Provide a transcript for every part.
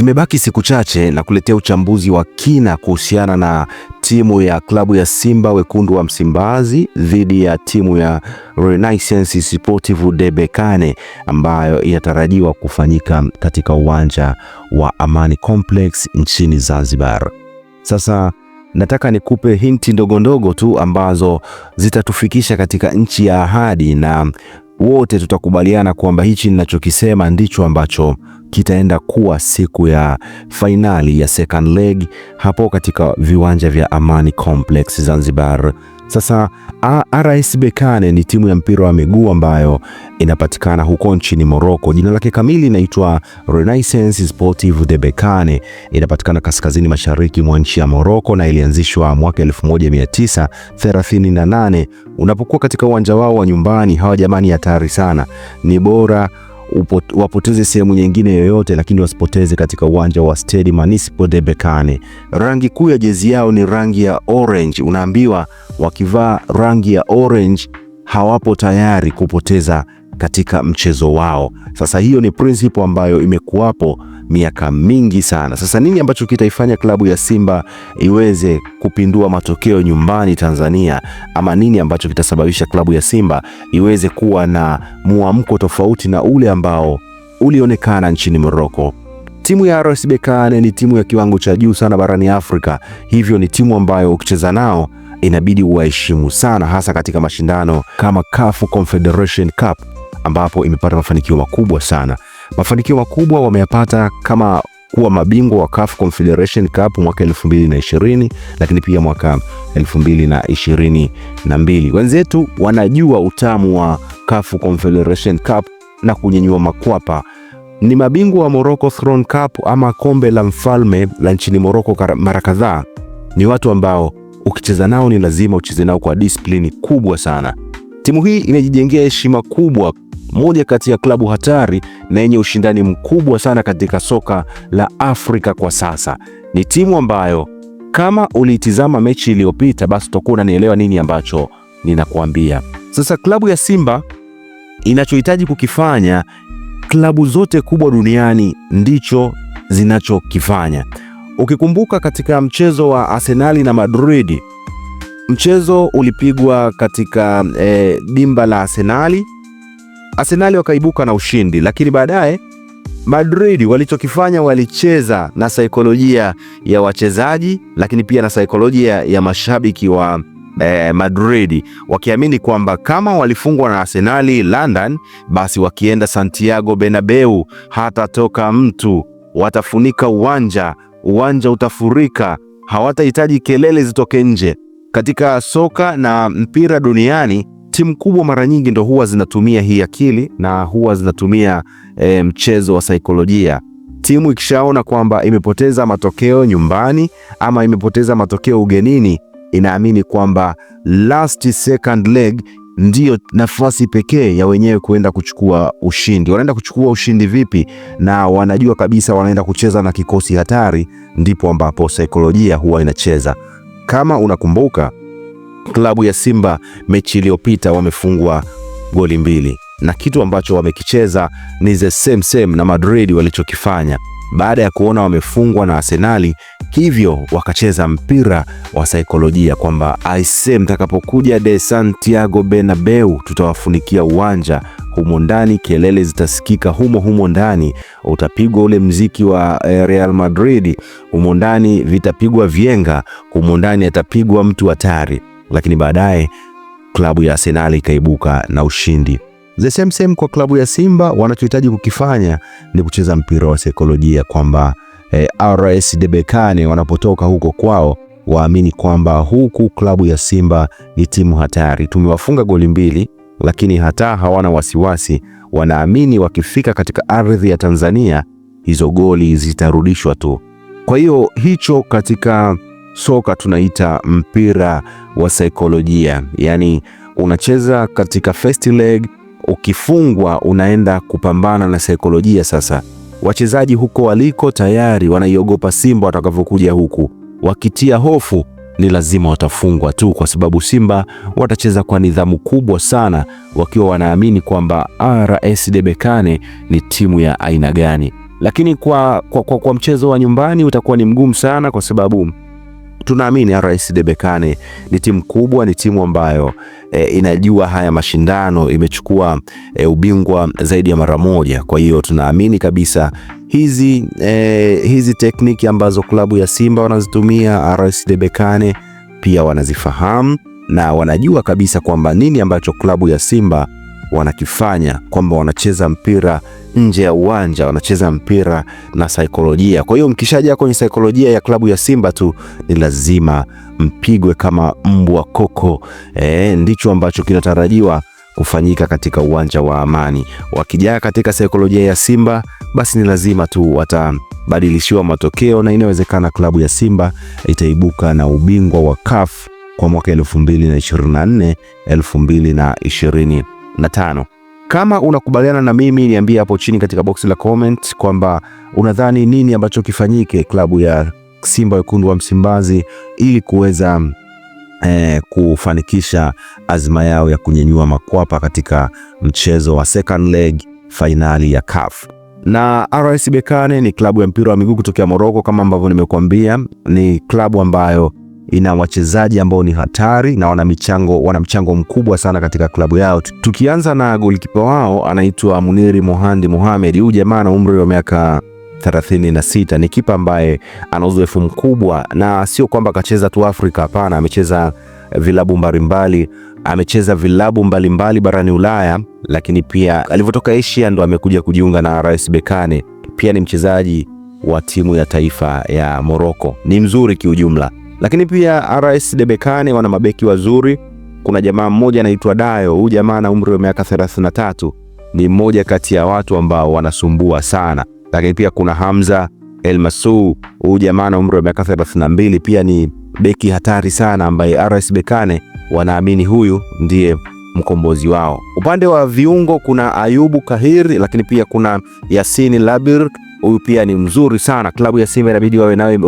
Zimebaki siku chache na kuletea uchambuzi wa kina kuhusiana na timu ya klabu ya Simba Wekundu wa Msimbazi dhidi ya timu ya Renaissance Sportive de Berkane ambayo inatarajiwa kufanyika katika uwanja wa Amani Complex nchini Zanzibar. Sasa nataka nikupe hinti ndogo ndogo tu ambazo zitatufikisha katika nchi ya ahadi na wote tutakubaliana kwamba hichi ninachokisema ndicho ambacho kitaenda kuwa siku ya fainali ya second leg hapo katika viwanja vya Amani Complex Zanzibar. Sasa RS Berkane ni timu ya mpira wa miguu ambayo inapatikana huko nchini Morocco. Jina lake kamili inaitwa Renaissance Sportive de Berkane, inapatikana kaskazini mashariki mwa nchi ya Morocco na ilianzishwa mwaka 1938. Unapokuwa katika uwanja wao wa nyumbani, hawa jamani hatari sana, ni bora wapoteze sehemu nyingine yoyote, lakini wasipoteze katika uwanja wa Stade Municipal de Berkane. Rangi kuu ya jezi yao ni rangi ya orange. Unaambiwa wakivaa rangi ya orange hawapo tayari kupoteza katika mchezo wao. Sasa hiyo ni principle ambayo imekuwapo miaka mingi sana. Sasa nini ambacho kitaifanya klabu ya Simba iweze kupindua matokeo nyumbani Tanzania, ama nini ambacho kitasababisha klabu ya Simba iweze kuwa na muamko tofauti na ule ambao ulionekana nchini Morocco? Timu ya RS Berkane ni timu ya kiwango cha juu sana barani Afrika, hivyo ni timu ambayo ukicheza nao inabidi uwaheshimu sana, hasa katika mashindano kama CAF Confederation Cup ambapo imepata mafanikio makubwa sana. Mafanikio makubwa wameyapata kama kuwa mabingwa wa CAF Confederation Cup mwaka 2020 lakini pia mwaka 2022. Wenzetu wanajua utamu wa CAF Confederation Cup na kunyanyua makwapa. Ni mabingwa wa Morocco Throne Cup ama kombe la mfalme la nchini Morocco mara kadhaa. Ni watu ambao ukicheza nao ni lazima ucheze nao kwa disiplini kubwa sana. Timu hii imejijengea heshima kubwa, moja kati ya klabu hatari na yenye ushindani mkubwa sana katika soka la Afrika kwa sasa. Ni timu ambayo kama ulitizama mechi iliyopita, basi utakuwa unanielewa nini ambacho ninakuambia. Sasa klabu ya Simba inachohitaji kukifanya, klabu zote kubwa duniani ndicho zinachokifanya. Ukikumbuka katika mchezo wa Arsenali na Madridi Mchezo ulipigwa katika e, dimba la Arsenali. Arsenali wakaibuka na ushindi, lakini baadaye Madrid walichokifanya walicheza na saikolojia ya wachezaji, lakini pia na saikolojia ya mashabiki wa eh, Madrid wakiamini kwamba kama walifungwa na Arsenal London, basi wakienda Santiago Bernabeu hatatoka mtu, watafunika uwanja, uwanja utafurika, hawatahitaji kelele zitoke nje. Katika soka na mpira duniani, timu kubwa mara nyingi ndo huwa zinatumia hii akili na huwa zinatumia e, mchezo wa saikolojia. Timu ikishaona kwamba imepoteza matokeo nyumbani ama imepoteza matokeo ugenini, inaamini kwamba last second leg ndiyo nafasi pekee ya wenyewe kuenda kuchukua ushindi. Wanaenda kuchukua ushindi vipi? Na wanajua kabisa wanaenda kucheza na kikosi hatari. Ndipo ambapo saikolojia huwa inacheza. Kama unakumbuka klabu ya Simba mechi iliyopita wamefungwa goli mbili, na kitu ambacho wamekicheza ni the same same na Madrid walichokifanya baada ya kuona wamefungwa na Arsenali, hivyo wakacheza mpira wa saikolojia kwamba aise, mtakapokuja de Santiago Bernabeu tutawafunikia uwanja humo ndani, kelele zitasikika humo humo ndani, utapigwa ule mziki wa eh, Real Madrid humo ndani, vitapigwa vyenga humo ndani, atapigwa mtu hatari. Lakini baadaye klabu ya Arsenal ikaibuka na ushindi. The same same kwa klabu ya Simba, wanachohitaji kukifanya ni kucheza mpira wa saikolojia kwamba eh, RS Debekane wanapotoka huko kwao waamini kwamba huku klabu ya Simba ni timu hatari. Tumewafunga goli mbili lakini hata hawana wasiwasi. Wanaamini wakifika katika ardhi ya Tanzania hizo goli zitarudishwa tu. Kwa hiyo hicho katika soka tunaita mpira wa saikolojia, yaani unacheza katika first leg, ukifungwa unaenda kupambana na saikolojia. Sasa wachezaji huko waliko tayari wanaiogopa Simba watakavyokuja huku, wakitia hofu ni lazima watafungwa tu, kwa sababu Simba watacheza kwa nidhamu kubwa sana, wakiwa wanaamini kwamba RS Berkane ni timu ya aina gani. Lakini kwa, kwa, kwa, kwa mchezo wa nyumbani utakuwa ni mgumu sana kwa sababu tunaamini RS Debekane ni timu kubwa, ni timu ambayo e, inajua haya mashindano, imechukua e, ubingwa zaidi ya mara moja. Kwa hiyo tunaamini kabisa hizi, e, hizi tekniki ambazo klabu ya Simba wanazitumia RS Debekane pia wanazifahamu na wanajua kabisa kwamba nini ambacho klabu ya Simba wanakifanya, kwamba wanacheza mpira nje ya uwanja, wanacheza mpira na saikolojia. Kwa hiyo mkishaja kwenye saikolojia ya klabu ya Simba tu ni lazima mpigwe kama mbwa koko. E, ndicho ambacho kinatarajiwa kufanyika katika uwanja wa Amani. Wakijaa katika saikolojia ya Simba, basi ni lazima tu watabadilishiwa matokeo, na inawezekana klabu ya Simba itaibuka na ubingwa wa CAF kwa mwaka 2024 2025 na tano. Kama unakubaliana na mimi, niambie hapo chini katika box la comment kwamba unadhani nini ambacho kifanyike klabu ya Simba Wekundu wa Msimbazi ili kuweza eh, kufanikisha azma yao ya kunyenyua makwapa katika mchezo wa second leg fainali ya CAF na RS Berkane ni klabu ya mpira wa miguu kutokea Moroko. Kama ambavyo nimekuambia, ni klabu ambayo ina wachezaji ambao ni hatari na wana michango, wana mchango mkubwa sana katika klabu yao. Tukianza na golikipa wao anaitwa Muniri Mohandi Mohamed. Huyu jamaa na umri wa miaka 36 ni kipa ambaye ana uzoefu mkubwa, na sio kwamba akacheza tu Afrika. Hapana, amecheza vilabu mbalimbali, amecheza vilabu mbalimbali barani Ulaya, lakini pia alivyotoka Asia ndo amekuja kujiunga na RS Berkane. Pia ni mchezaji wa timu ya taifa ya Morocco, ni mzuri kiujumla. Lakini pia RS Debekane wana mabeki wazuri. Kuna jamaa mmoja anaitwa Dayo. Huyu jamaa ana umri wa miaka 33, ni mmoja kati ya watu ambao wanasumbua sana. Lakini pia kuna Hamza Elmasu, huyu jamaa ana umri wa miaka 32, pia ni beki hatari sana ambaye RS Bekane wanaamini huyu ndiye mkombozi wao. Upande wa viungo kuna Ayubu Kahiri, lakini pia kuna Yasini Labir huyu pia ni mzuri sana. Klabu ya Simba inabidi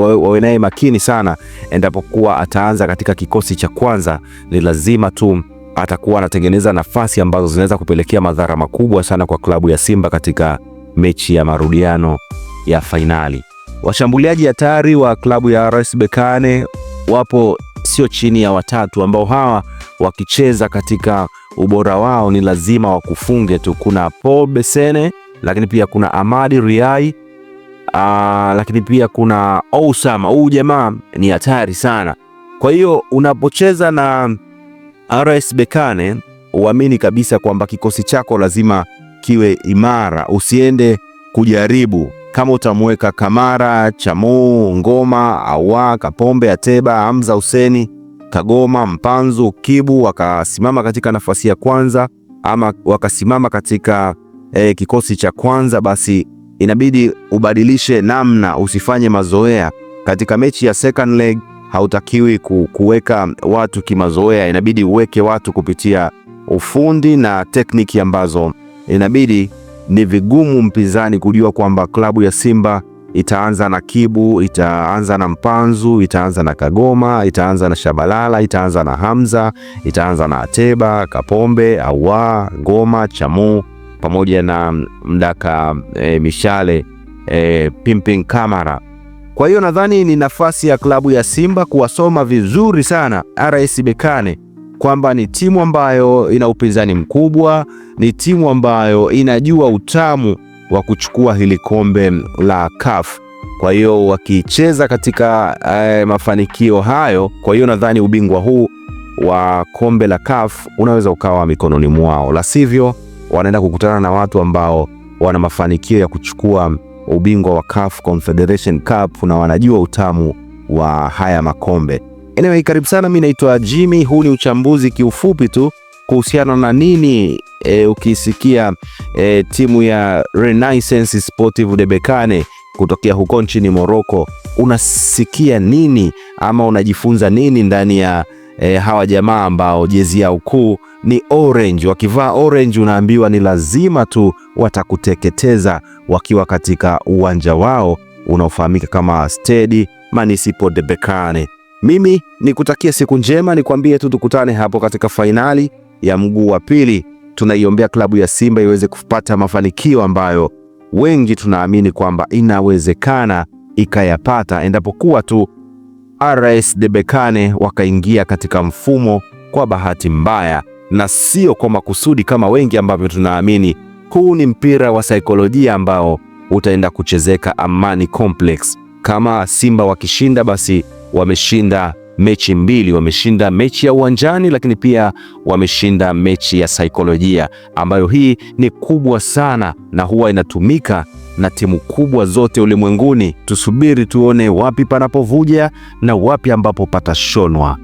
wawe naye makini sana, endapokuwa ataanza katika kikosi cha kwanza, ni lazima tu atakuwa anatengeneza nafasi ambazo zinaweza kupelekea madhara makubwa sana kwa klabu ya Simba katika mechi ya marudiano ya fainali. Washambuliaji hatari wa klabu ya RS Berkane wapo sio chini ya watatu, ambao hawa wakicheza katika ubora wao ni lazima wakufunge tu. Kuna Paul Besene, lakini pia kuna Amadi Riai aa, ah, lakini pia kuna oh, Osama. Huu jamaa ni hatari sana. Kwa hiyo unapocheza na RS Berkane uamini kabisa kwamba kikosi chako lazima kiwe imara. Usiende kujaribu kama utamweka Kamara, Chamuu, Ngoma, Awa, Kapombe, Ateba, Hamza Huseni, Kagoma, Mpanzu, Kibu wakasimama katika nafasi ya kwanza ama wakasimama katika eh, kikosi cha kwanza, basi inabidi ubadilishe namna, usifanye mazoea katika mechi ya second leg. Hautakiwi kuweka watu kimazoea, inabidi uweke watu kupitia ufundi na tekniki ambazo inabidi ni vigumu mpinzani kujua kwamba klabu ya Simba itaanza na Kibu, itaanza na Mpanzu, itaanza na Kagoma, itaanza na Shabalala, itaanza na Hamza, itaanza na Ateba, Kapombe, Awa, Ngoma, Chamu pamoja na mdaka e, mishale e, pimping kamera. Kwa hiyo nadhani ni nafasi ya klabu ya Simba kuwasoma vizuri sana RS Berkane kwamba ni timu ambayo ina upinzani mkubwa, ni timu ambayo inajua utamu wa kuchukua hili kombe la CAF. Kwa hiyo wakicheza katika eh, mafanikio hayo, kwa hiyo nadhani ubingwa huu wa kombe la CAF unaweza ukawa mikononi mwao, la sivyo wanaenda kukutana na watu ambao wana mafanikio ya kuchukua ubingwa wa CAF Confederation Cup na wanajua utamu wa haya makombe. Anyway, karibu sana, mimi naitwa Jimmy. Huu ni uchambuzi kiufupi tu kuhusiana na nini e, ukisikia e, timu ya Renaissance Sportive de Berkane kutokea huko nchini Morocco unasikia nini ama unajifunza nini ndani ya e, hawa jamaa ambao jezi yao kuu ni orange. Wakivaa orange, unaambiwa ni lazima tu watakuteketeza wakiwa katika uwanja wao unaofahamika kama Stade Municipal de Berkane. Mimi nikutakia siku njema, nikwambie tu tukutane hapo katika fainali ya mguu wa pili. Tunaiombea klabu ya Simba iweze kupata mafanikio ambayo wengi tunaamini kwamba inawezekana ikayapata endapokuwa tu RS Debekane wakaingia katika mfumo kwa bahati mbaya na sio kwa makusudi kama wengi ambavyo tunaamini. Huu ni mpira wa saikolojia ambao utaenda kuchezeka Amani Complex. Kama Simba wakishinda, basi wameshinda mechi mbili, wameshinda mechi ya uwanjani, lakini pia wameshinda mechi ya saikolojia ambayo hii ni kubwa sana na huwa inatumika na timu kubwa zote ulimwenguni. Tusubiri tuone wapi panapovuja na wapi ambapo patashonwa.